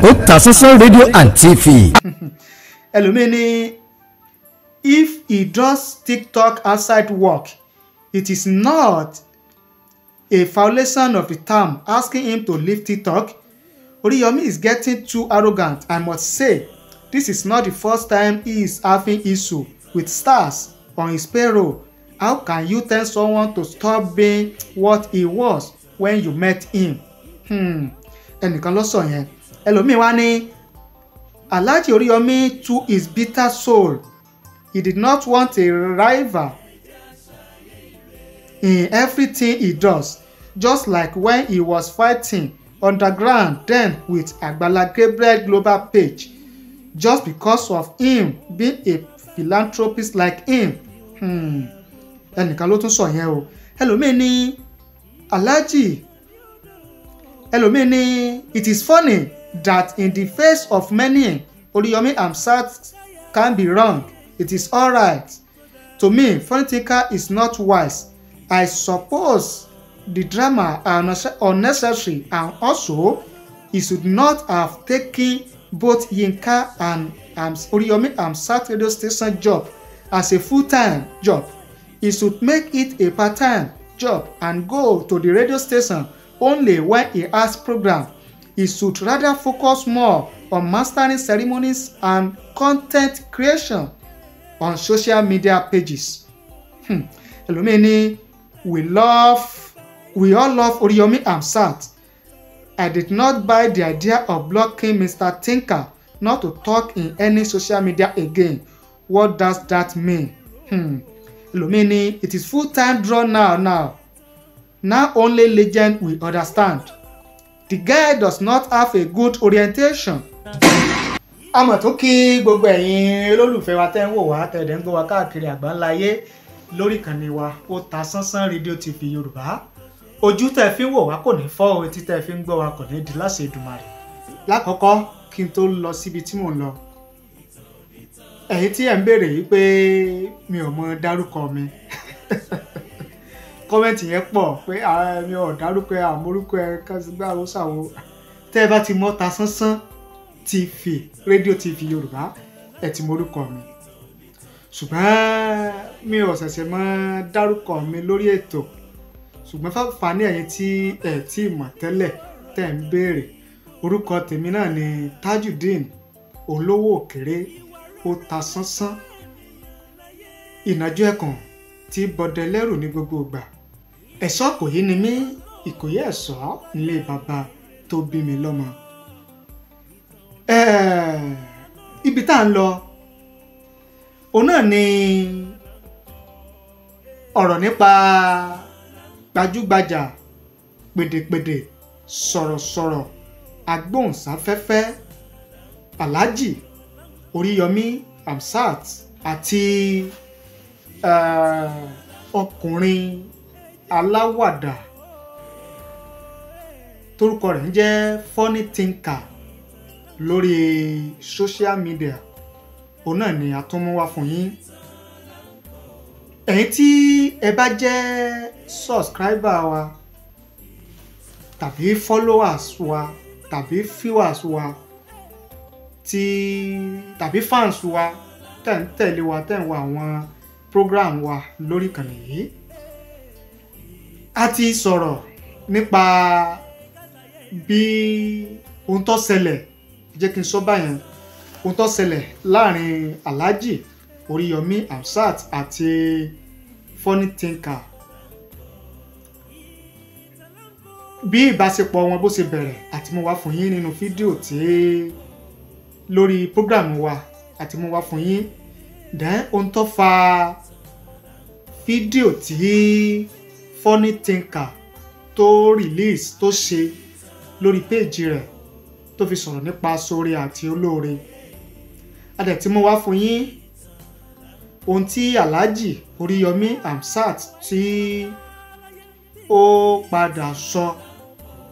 Otasansan radio and TV. ẹlòmíì ni if he does TikTok outside work it is not a violation of the term asking him to leave TikTok Oriyomi is getting too arrogant I must say this is not the first time he is having issue with stars on his payroll how can you tell someone to stop being what he was when you met him hmm. ẹnìkan ló sọ yẹn ẹlòmíì wá ní Alhaji Oriyomi to his bitter soul he did not want a rival in everything he does just like when he was fighting underground then with Agbala Gabriel Global Page just because of him being a philanthropist like him hmm. ẹnìkan ló tún sọ yẹn o ẹlòmíì ní Alhaji ẹlòmíì ní it is funny that in the face of many Oriyomi Hamzat can be wrong it is alright to me foreign is not wise I suppose the drama are unnecessary and also he should not have taken both Yinka and um, Oriyomi Hamzat radio station job as a full-time job he should make it a part-time job and go to the radio station only when he has program he should rather focus more on mastering ceremonies and content creation on social media pages. Hmm. ẹlòmíì hmm. ní we love we all love Oriyomi Hamzat I did not buy the idea of blocking Mr. Tinker not to talk in any social media again what does that mean? Hmm. ẹlòmíì it is full time draw now now now only legend will understand the guy does not have a good orientation. a mọ̀ tó kí gbogbo ẹ̀yin olólùfẹ́ wa tẹ́ ń wò wá tẹ̀lé ń gbọ́ wa káàkiri àgbáńláyé lórí ìkànnì wa Otasansan rédíò TV Yorùbá ojú tẹ́ fi ń wò wá kò ní fọ́ etí tẹ́ fi ń gbọ́ wa kò ní di láṣẹ Èdùmàrè lákọ̀ọ́kọ́ kí n tó lọ síbi tí mò ń lọ ẹ̀yin tí ẹ̀ ń béèrè yìí pé mi ò mọ dárúkọ mi kọ́mẹ̀ntì yẹn pọ̀ pé ara ẹni ọ̀dárúkọ ẹ àmórúkọ ẹ kásìgbà àwòsàwò tẹ́ ẹ bá ti mọ́ ta sánsán tv rédíò tv yorùbá ẹ ti morúkọ mi ṣùgbọ́n mi ò ṣẹ̀ṣẹ̀ mọ́ dárúkọ mi lórí ètò ṣùgbọ́n fàáfàáni ẹ̀yin tí ẹ̀ tí mọ̀ tẹ́lẹ̀ tẹ̀ ń béèrè orúkọ tèmi náà ni Tajudeen olówó òkèrè ó ta sánsán ìnájú ẹ̀kan tí bọ́dẹ lẹ́rù ní gbogbo ìgbà ẹ̀ṣọ́ ìkòyí ni mí ìkòyí ẹ̀ṣọ́ nílé bàbá tó bí mi lọ́mọ. ibi tá à ń lọ òun náà ni ọ̀rọ̀ nípa gbajúgbajà pèdèpèdè sọ̀rọ̀sọ̀rọ̀ agbóhùnsáfẹ́fẹ́ Alhaji Oríyọmí Hamzat àti ọkùnrin. Uh, aláwàdà torúkọ rẹ̀ ń jẹ́ funny thinker lórí social media òun náà ni a tún mú wá fún yín ẹ̀yin tí ẹ bá jẹ́ subscriber wa tàbí followers wa tàbí viewers wa tí tàbí fans wa tẹ̀ ń tẹ̀lé wa tẹ̀ ń wo àwọn program wa lórí ìkànnì a ti sọ̀rọ̀ nípa bí ohun tó ṣẹlẹ̀ jẹ́ kí n sọ báyẹn ohun tó ṣẹlẹ̀ láàrin Alhaji Oríyọmí Hamzat àti Funny Thinker bí ìbáṣepọ̀ wọn bó ṣe bẹ̀rẹ̀ àti mo wá fún yín nínú fídíò tí lórí program wa àti mo wá fún yín then ohun tó fa fídíò tí funny thinker tó release tó ṣe lórí péèjì rẹ̀ tó fi sọ̀rọ̀ nípa sore àti olóore adẹ̀tí mo wá fún yín ohun tí Alhaji Oríyọmí Hamzat tí ó padà sọ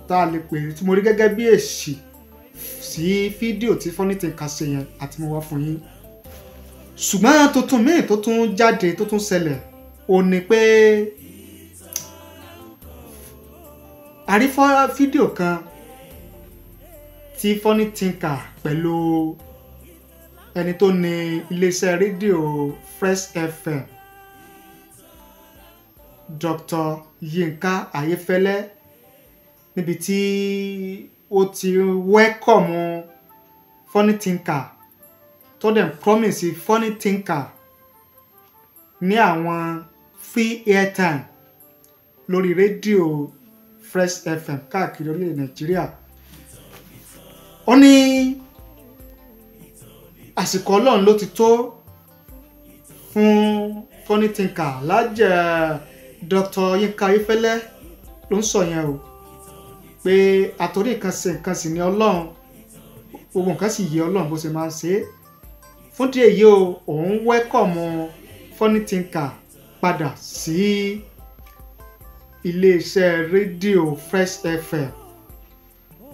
tá a lè pè tí mo rí gẹ́gẹ́ bí èsì sí fídíò tí funny thinker ṣe yẹn àti mo wá fún yín ṣùgbọ́n tuntun míì tó tún jáde tó tún ṣẹlẹ̀ ò pé àrífọ́ fídíò kan tí Funny Thinker pẹ̀lú ẹni tó ní iléeṣẹ́ rédíò Fresh FM Dr. Yinka Ayefẹ́lẹ́ níbi tí ó ti wẹ́kọ̀mù Funny Thinker tó dẹ̀ promise Funny Thinker ní àwọn free airtime lórí rédíò Fresh FM káàkiri orílẹ̀ Nàìjíríà ó ní àsìkò ọlọ́run ló ti tó fún Funny Thinker lájẹ Dr. Yinka Ayéfẹ́lẹ́ ló ń sọ yẹn o pé àtòrí nǹkan ṣe nǹkan sì ni ọlọ́run gbogbo nǹkan sì yẹ ọlọ́run bó ṣe máa ń ṣe é fún díẹ̀ yìí o òun wẹ́kọ̀mù Funny Thinker padà sí. Si iléeṣẹ́ rédíò Fresh FM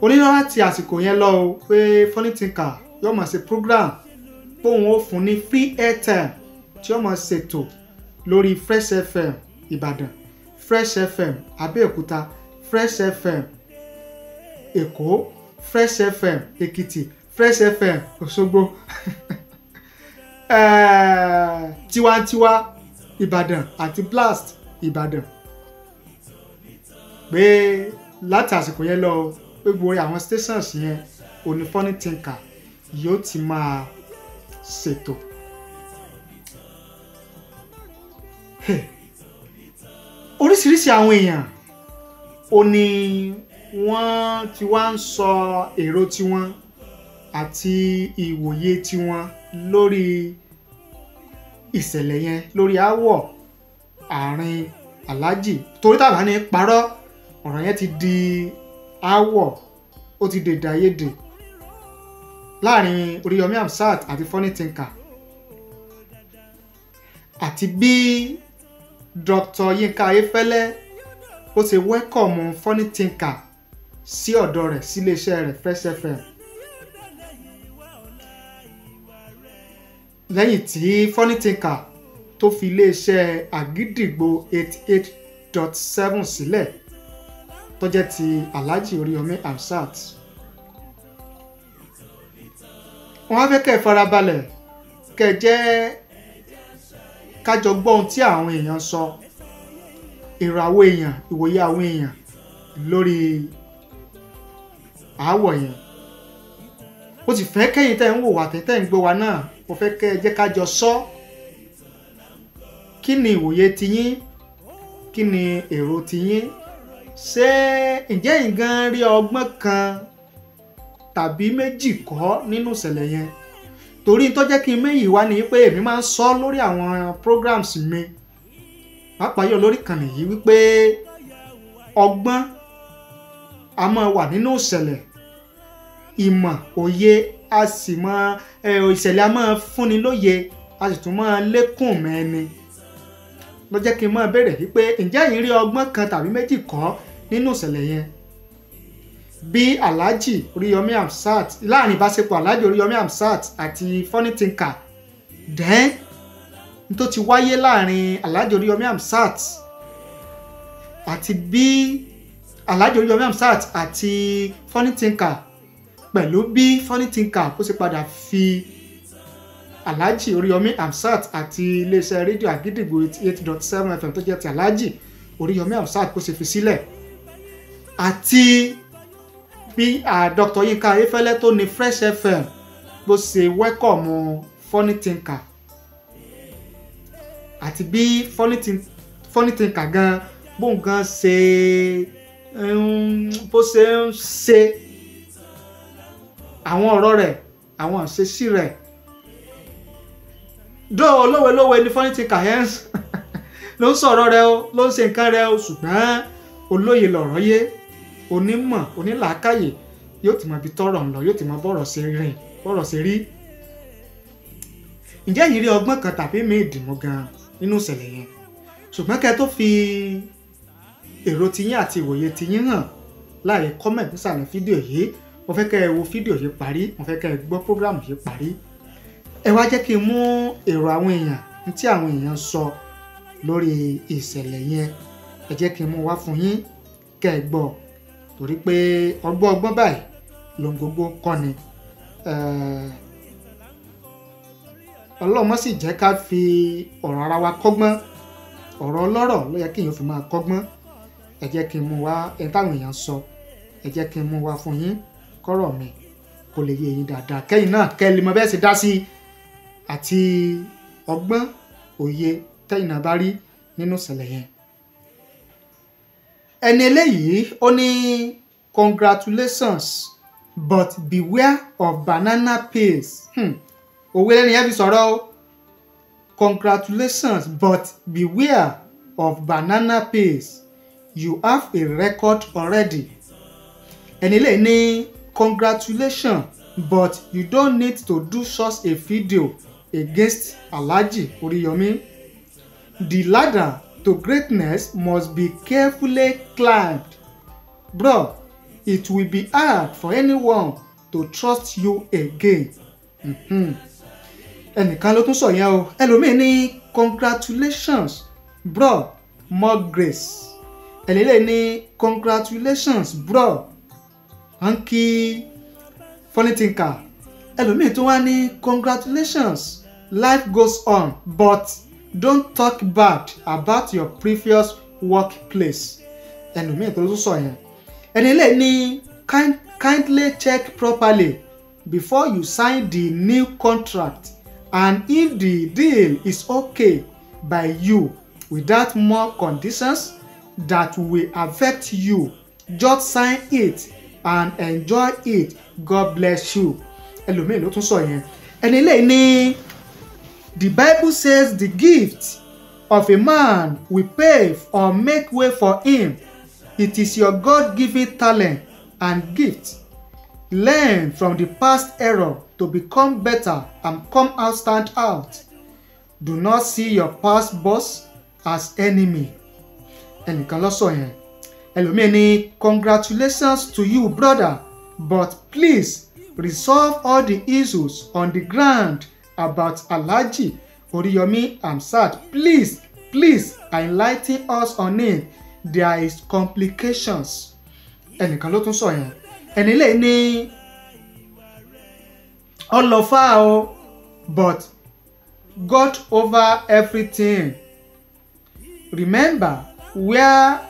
onílọ láti àsìkò yẹn lọ o pé fọ́nìtìǹkà yóò máa ṣe program póun ó fún ní free airtime tí yóò máa ṣètò lórí Fresh FM Ìbàdàn Fresh FM Abẹ́òkúta Fresh FM Èkó Fresh FM Èkìtì Fresh FM Òṣogbo eh, tiwantiwa Ìbàdàn àti Blast Ìbàdàn pé láti àsìkò yẹn lọ pé gbogbo àwọn stations yẹn òní Funny Thinker yóò ti máa ṣètò. oríṣiríṣi àwọn èèyàn ò ní wọ́n ti wá ń sọ èrò tiwọn àti ìwòye tiwọn lórí ìṣẹ̀lẹ̀ yẹn lórí aáwọ̀ àárín aláàjì torí tàbá ní parọ́ ọ̀rọ̀ yẹn ti di aáwọ̀ ó ti dèdè àìyedè láàrin Oríyọmí Hamzat àti Funny Thinker àti bí Dr. Yinka Ayéfẹ́lẹ́ ó ṣe wẹ́kọ̀mù Funny Thinker sí ọ̀dọ̀ rẹ̀ sí iléeṣẹ́ rẹ̀ Fresh FM. lẹ́yìn tí Funny Thinker tó fi iléeṣẹ́ àgídìgbò eight eight dot seven sílẹ̀. Si tó jẹ́ ti Alhaji Oríyọmí Hamzat wọn á fẹ́ kẹ́ ẹ farabalẹ̀ kẹ́ ẹ jẹ́ kájọ gbọ́ ohun tí àwọn èèyàn sọ èrò àwọn èèyàn ìwòye àwọn èèyàn lórí àáwọ̀ yẹn ó sì fẹ́ kẹ́yìn tẹ́ ń wò wà tẹ́tẹ́ ń gbé wa náà mo fẹ́ kẹ́ ẹ jẹ́ ká sọ kí ni ìwòye tiyín kí ni èrò tiyín ṣé ǹjẹ́ ìgan rí ọgbọ́n kan tàbí méjì kọ́ nínú ìṣẹ̀lẹ̀ yẹn torí tó jẹ́ kí n méyì wá ni pé èmi máa ń sọ lórí àwọn programs mi pàápàá olori lórí kànnì yìí wípé ọgbọ́n a máa wà nínú ìṣẹ̀lẹ̀ ìmọ̀ òye a sì máa ìṣẹ̀lẹ̀ a máa fúnni lóye a sì tún máa lékùn mẹ́ni. ló jẹ́ kí n máa béèrè wípé ǹjẹ́ yìí rí ọgbọ́n kan tàbí méjì kọ́ nínú ìṣẹ̀lẹ̀ yẹn bí alhaji oríyọmí amsat láàrin ìbáṣepọ̀ alhaji oríyọmí amsat àti funny thinker dẹ́n tó ti wáyé láàrin alhaji oríyọmí amsat àti bí alhaji oríyọmí amsat àti funny thinker pẹ̀lú bí funny thinker kó sì padà fi alhaji oriyomi, hamsat àti iléeṣẹ́ rédíò àgídìgbò eight dot seven fm tó jẹ́ ti alhaji oríyọmí hamsat kó ṣe fi sílẹ̀ àti bí dr yinka ayéfẹ́lẹ́ tó ní fresh fm bó ṣe wẹ́kọ̀mù funny thinker àti bí funny thinker gan bóun gan ṣe um, bó ṣe ń ṣe àwọn ọ̀rọ̀ rẹ̀ àwọn àṣeṣí rẹ̀ dọ́ ọlọ́wẹ́lọ́wẹ́ ní fọ́nìtì kàyẹ́ǹsì ló ń sọ̀rọ̀ rẹ o ló ń ṣe nǹkan rẹ o ṣùgbọ́n olóye lọ̀rọ̀ yé onímọ̀ onílàákàyè yóò ti mọ ibi tọ́rọ̀ ń lọ yóò ti mọ bọ́rọ̀ ṣe rìn bọ́rọ̀ ṣe rí ǹjẹ́ yìí rí ọgbọ́n kan tàbí míì dìmú gan nínú ìṣẹ̀lẹ̀ yẹn ṣùgbọ́n kẹ́ tó fi èrò tiyín àti ìwòye tiyín hàn láàyè kọ́mẹ̀tì nísàlẹ̀ fídíò yìí mo fẹ́ kẹ́ ẹ wo fídíò yìí parí mo fẹ́ kẹ́ ẹ gbọ́ prógráàmù yìí parí ẹ wá jẹ́ kí n mú èrò àwọn èèyàn tí àwọn èèyàn sọ lórí ìṣẹ̀lẹ̀ yẹn ẹ jẹ́ kí n mú wá fún yín kẹ́ ẹ gbọ́ torí pé ọgbọ́n ọgbọ́n báyìí lóhun gbogbo kọ́ ni ọlọ́mọ sì jẹ́ ká fi ọ̀rọ̀ ara wa kọ́gbọ́n ọ̀rọ̀ ọlọ́rọ̀ ló yẹ kí èèyàn fi máa kọ́gbọ́n ẹ jẹ́ kí n mú wá ẹ táwọn èèyàn sọ ẹ jẹ́ kí n mú wá fún yín kọ́rọ̀ mi kó lè yé yín dáadáa kẹ́yìn náà kẹ́ ẹ lè mọ bẹ́ẹ̀ sì dá sí i àti ọgbọ́n òye tẹ́yìn bá rí nínú ìṣẹ̀lẹ̀ yẹn. ẹni eléyìí ó ní congratulations but beware of banana peels hmm. òwe lẹ́nu yẹn fi sọ̀rọ̀ o congratulations but beware of banana peels you have a record already ẹni eléyìí ní congratulations but you don't need to do such a video against Alhaji Oriyomi. The ladder to greatness must be carefully climbed. Bro, it will be hard for anyone to trust you again. Mm-hmm. Ẹnìkan ló tún sọ yẹn o, ẹlòmíín ní congratulations bro more grace. Ẹlẹ́lẹ́ ní congratulations bro. À ń kí funny thinker. Ẹlòmíín tún wá ní congratulations life goes on but don't talk bad about your previous workplace ẹlòmíì tó tún sọ yẹn ẹni lè ní kindly check properly before you sign the new contract and if the deal is okay by you without more conditions that will affect you just sign it and enjoy it god bless you ẹlòmíì ló tún sọ yẹn ẹni lè ní. The Bible says the gift of a man will pave or make way for him. It is your God given talent and gift. Learn from the past error to become better and come out stand out. Do not see your past boss as enemy. ẹnìkan lọ sọ yẹn ẹlòmíì ní congratulations to you brother but please resolve all the issues on the ground about Alhaji Oriyomi Hamzat. Please, please enlighten us on it. There is complications. Ẹnìkan ló tún sọ yẹn. Ẹni lè ní ọlọ́fà o but got over everything. Remember where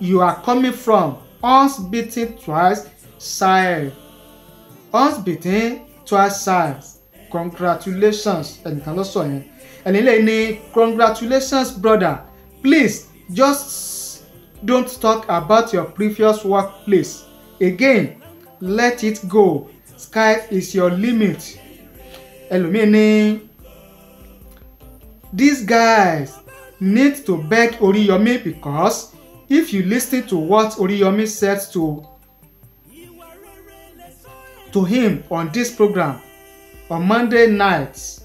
you are coming from. Once beaten, twice shy. Once beaten, twice shy congratulations ẹnìkan ló sọ yẹn ẹni lè ní congratulations brother please just don't talk about your previous workplace again let it go sky is your limit ẹlòmíín ní these guys need to beg Oriyomi because if you listen to what Oriyomi said to to him on this program on Monday nights.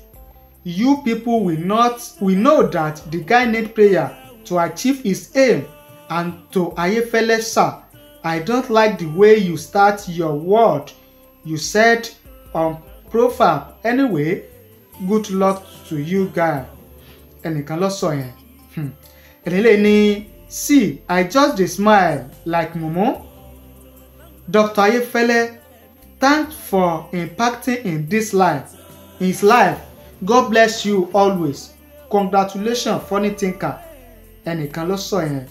You people will not will know that the guy need prayer to achieve his aim and to Ayefele sir, I don't like the way you start your word. You said on profile anyway, good luck to you guy. Ẹnìkan lọ sọ yẹn. Hmm. Ẹ̀lẹ́lẹ̀ ni see I just dey smile like mumu. Dr. Ayefele Thanks for impacting in this life. His life. God bless you always. Congratulations funny thinker. Ẹnìkan ló sọ yẹn.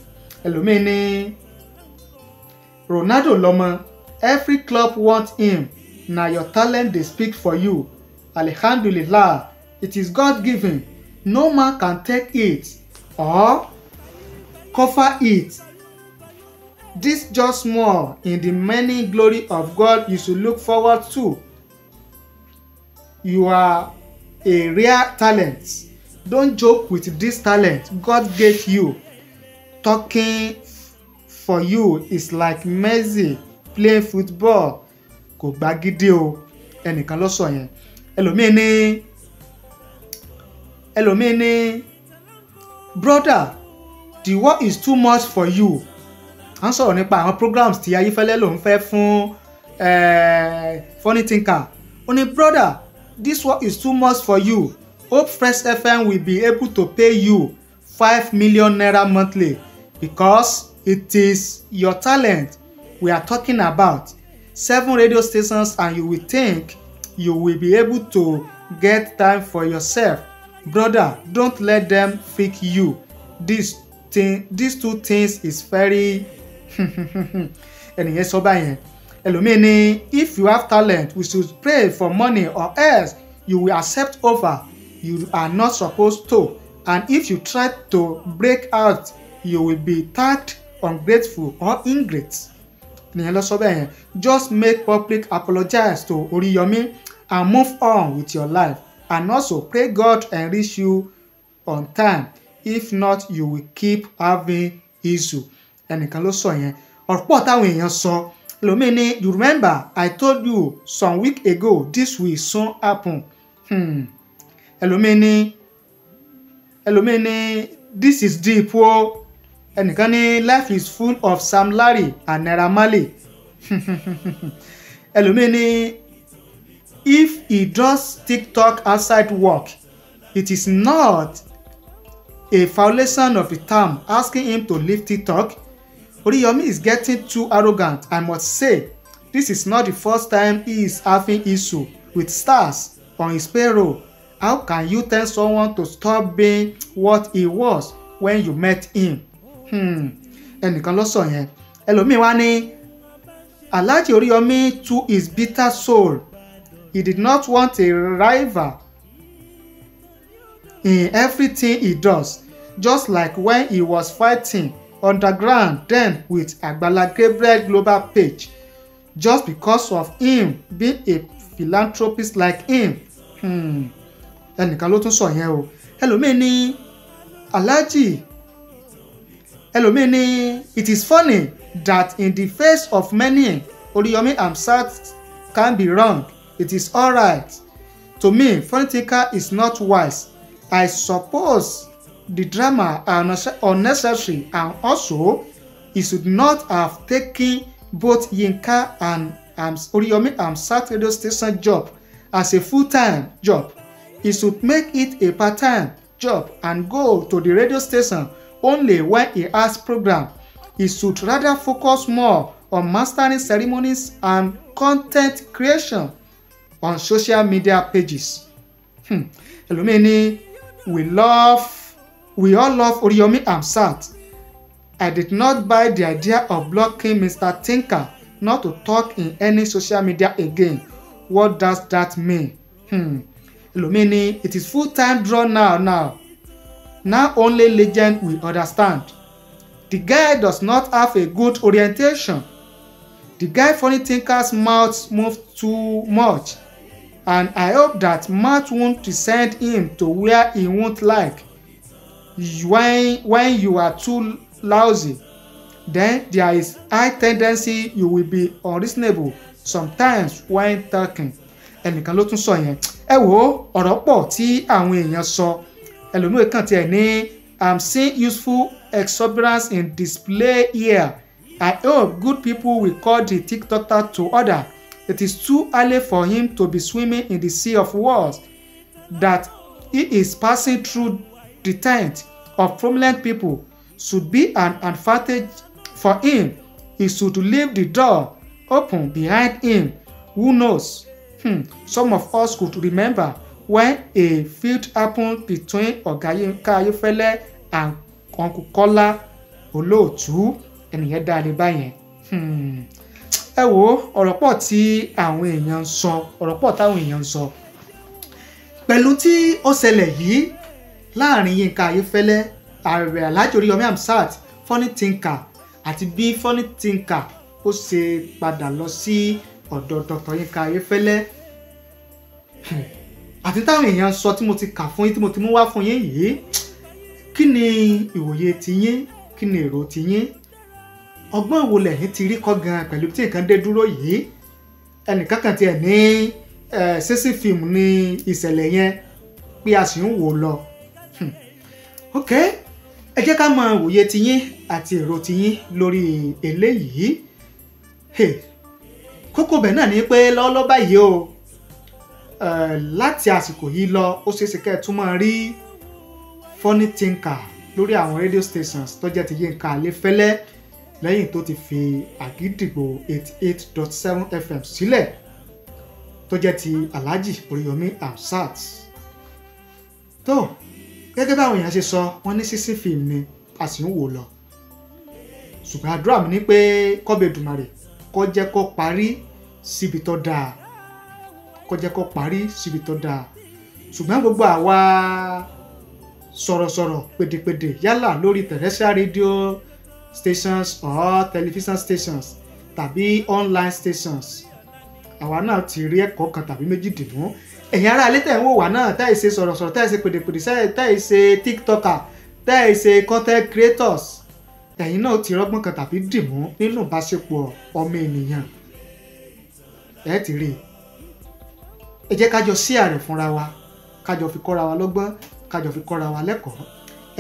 Ẹlòmíì ní Ronaldo lọ́mọ. Every club want him. Na your talent dey speak for you. Alhamdulillah. It is God given. No man can take it or cover it This just small in the many glory of God you should look forward to. You are a rare talent. Don't joke with this talent God gave you. Talking for you is like Messi playing football. Kò gba gidi o, ẹnìkan ló sọ yẹn. Ẹlòmíín ní ẹlòmíín ní brother the work is too much for you à ń sọ̀rọ̀ nípa àwọn programs tí ayífẹ́lẹ́ lòún fẹ́ fún funny thinker ó ní brother this work is too much for you hope fresh fm will be able to pay you five million naira monthly because it is your talent we are talking about seven radio stations and you will think you will be able to get time for yourself brother don't let them fake you this thing these two things is very ẹnìyẹn sọ báyẹn ẹlòmíì ni if you have talent we should pray for money or else you will accept offer you are not supposed to and if you try to break out you will be tagged ungrateful or ingrate ẹnìyẹn lọ sọ bẹ́ẹ̀ just make public apologize to Oriyomi and move on with your life and also pray God enrich you on time if not you will keep having issue ẹnìkan ló sọ yẹn ọ̀pọ̀ táwọn èèyàn sọ lómìn ni you remember I told you some week ago this will soon happen hmm. ẹlòmíín ni ẹlòmíín ni this is deep o ẹnìkan ní life is full of Sam Larry and Naira Marley ẹlòmíín ni if he does TikTok outside work it is not a violation of the term asking him to leave TikTok Oriyomi is getting too arrogant, I must say. This is not the first time he is having issue with stars on his payroll. How can you tell someone to stop being what he was when you met him? Hmm. Ẹnìkan ló sọ yẹn. Ẹlòmíì wá ní Alhaji Oriyomi to his bitter soul. He did not want a rival in everything he does, just like when he was fighting underground then with Agbala Gabriel global page just because of him being a philanthropist like him hmm. ẹnìkan ló tún sọ yẹn o ẹlòmíín ní Alhaji ẹlòmíín ní it is funny that in the face of many Oriyomi Hamzat can be wrong it is alright to me funny thinker is not wise I suppose the drama are unnecessary and also he should not have taken both Yinka and um, Oriyomi Hamzat radio station job as a full-time job. He should make it a part-time job and go to the radio station only when he has program. He should rather focus more on mastering ceremonies and content creation on social media pages. Hmm. Elumi ni we love We all love Oriyomi Hamzat. I did not buy the idea of blocking Mr. Tinker not to talk in any social media again. What does that mean? Hmm. Elomini, it is full time draw now now. Now only legend will understand. The guy does not have a good orientation. The guy funny Tinker's mouth moved too much and I hope that Matt won't send him to where he won't like when when you are too lousy then there is high tendency you will be unreasonable sometimes when talking ẹnìkan ló tún sọ yẹn ẹ wo ọ̀rọ̀ pọ̀ tí àwọn èèyàn sọ ẹlòmíràn kàn tiẹ̀ ní i'm seeing useful exuberance in display here i hope good people will call the tiktoker to order it is too early for him to be swimming in the sea of wars that he is passing through The tent of prominent people should be an advantage for him. He should leave the door open behind him. Who knows? Hmm. Some of us could remember when a feud happened between Oga Yinka Ayefele and Uncle Kola Olóòtú ẹnìyẹn dáre báyẹn. Hmm. Ẹ wo ọ̀rọ̀ pọ̀ tí àwọn èèyàn ń sọ ọ̀rọ̀ pọ̀ táwọn èèyàn ń sọ. Pẹ̀lú tí ó ṣẹlẹ̀ yìí láàrin Yínká Ayéfẹ́lẹ́ ààrẹ Alhaji Oríyọmí Hamzat Funny Thinker àti bí Funny Thinker ó ṣe padà lọ sí ọ̀dọ̀ Dr. Yínká Ayéfẹ́lẹ́ hmm. àti táwọn èèyàn sọ tí mo ti kà fún yín tí mo ti mú wá fún yín yìí kí ni ìwòye tiyín kí ni èrò tiyín ọgbọ́n wo lẹ̀yin ti rí kọ́ gan pẹ̀lú tí nǹkan dé dúró yìí ẹnìkan kan tiẹ̀ ní ṣẹ́sì fíìmù ní ìṣẹ̀lẹ̀ yẹn pé a sì ń wò lọ ok ẹ jẹ́ ká mọ òye tiyín àti èrò tiyín lórí eléyìí kókó bẹ̀ náà ni pé lọ́wọ́lọ́wọ́ báyìí o eh, láti àsìkò yìí lọ ó ṣeéṣe kẹ́ ẹ tún máa rí funny thinker lórí àwọn radio stations tó jẹ́ ti Yínká Ayéfẹ́lẹ́ lẹ́yìn tó ti fi Àgídìgbò eighty eight dot seven FM sílẹ̀ tó jẹ́ ti Alhaji Oríyọmí Hamzat tó. So, gẹ́gẹ́ báwọn èèyàn ṣe sọ wọ́n ní sísìn fíìmù ni a sì ń wò lọ ṣùgbọ́n àdúrà mi ni pé kọ́bẹ̀dùmarè kó jẹ́ kó parí síbi tó dáa kó jẹ́ kó parí síbi tó dáa ṣùgbọ́n gbogbo àwa sọ̀rọ̀sọ̀rọ̀ pèdèpèdè yálà lórí terrestrial radio stations or television stations tàbí online stations àwa náà ti rí ẹ̀kọ́ kan tàbí méjì ẹ̀yin ará ilé tẹ̀ ń wò wá náà tẹ́ ẹ̀ ṣe sọ̀rọ̀sọ̀rọ̀ tẹ́ ẹ̀ ṣe pèdèpèdè tẹ́ ẹ̀ ṣe tiktoker tẹ́ ẹ̀ ṣe content creators ẹ̀yin náà ti rọ́gbọ́n kan tàbí dìmú nínú ìbáṣepọ̀ ọmọ ènìyàn ẹ̀ ti rí i ẹ jẹ́ kájọ sí ààrẹ fúnra wa kájọ fi kọ́ra wa lọ́gbọ́n kájọ fi kọ́ra wa lẹ́kọ̀ọ́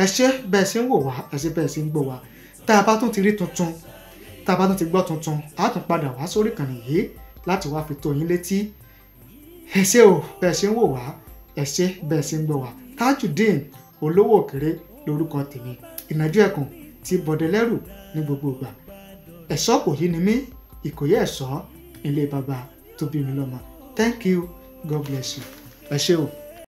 ẹ ṣe bẹ́ẹ̀ ṣe ń wò wá ẹ ṣe bẹ́ẹ̀ ṣe ń gbọ́ wá tá a bá tún ti rí tuntun tá a bá tún ti gbọ́ tuntun a tún padà wá sórí ìkànnì ẹ ṣé o bẹ́ẹ̀ ṣe ń wò wá ẹ ṣé bẹ́ẹ̀ ṣe ń gbọ́ wá tajudeen olówó òkèrè lórúkọ tèmi ìnájú ẹ̀kùn ti bọ̀dẹ̀lẹ́rù ní gbogbo ìgbà ẹ̀ṣọ́ kò yí ni mí ìkòyí ẹ̀ṣọ́ ilé baba tó bí mi lọ́mọ thank you god bless you ẹ ṣé o.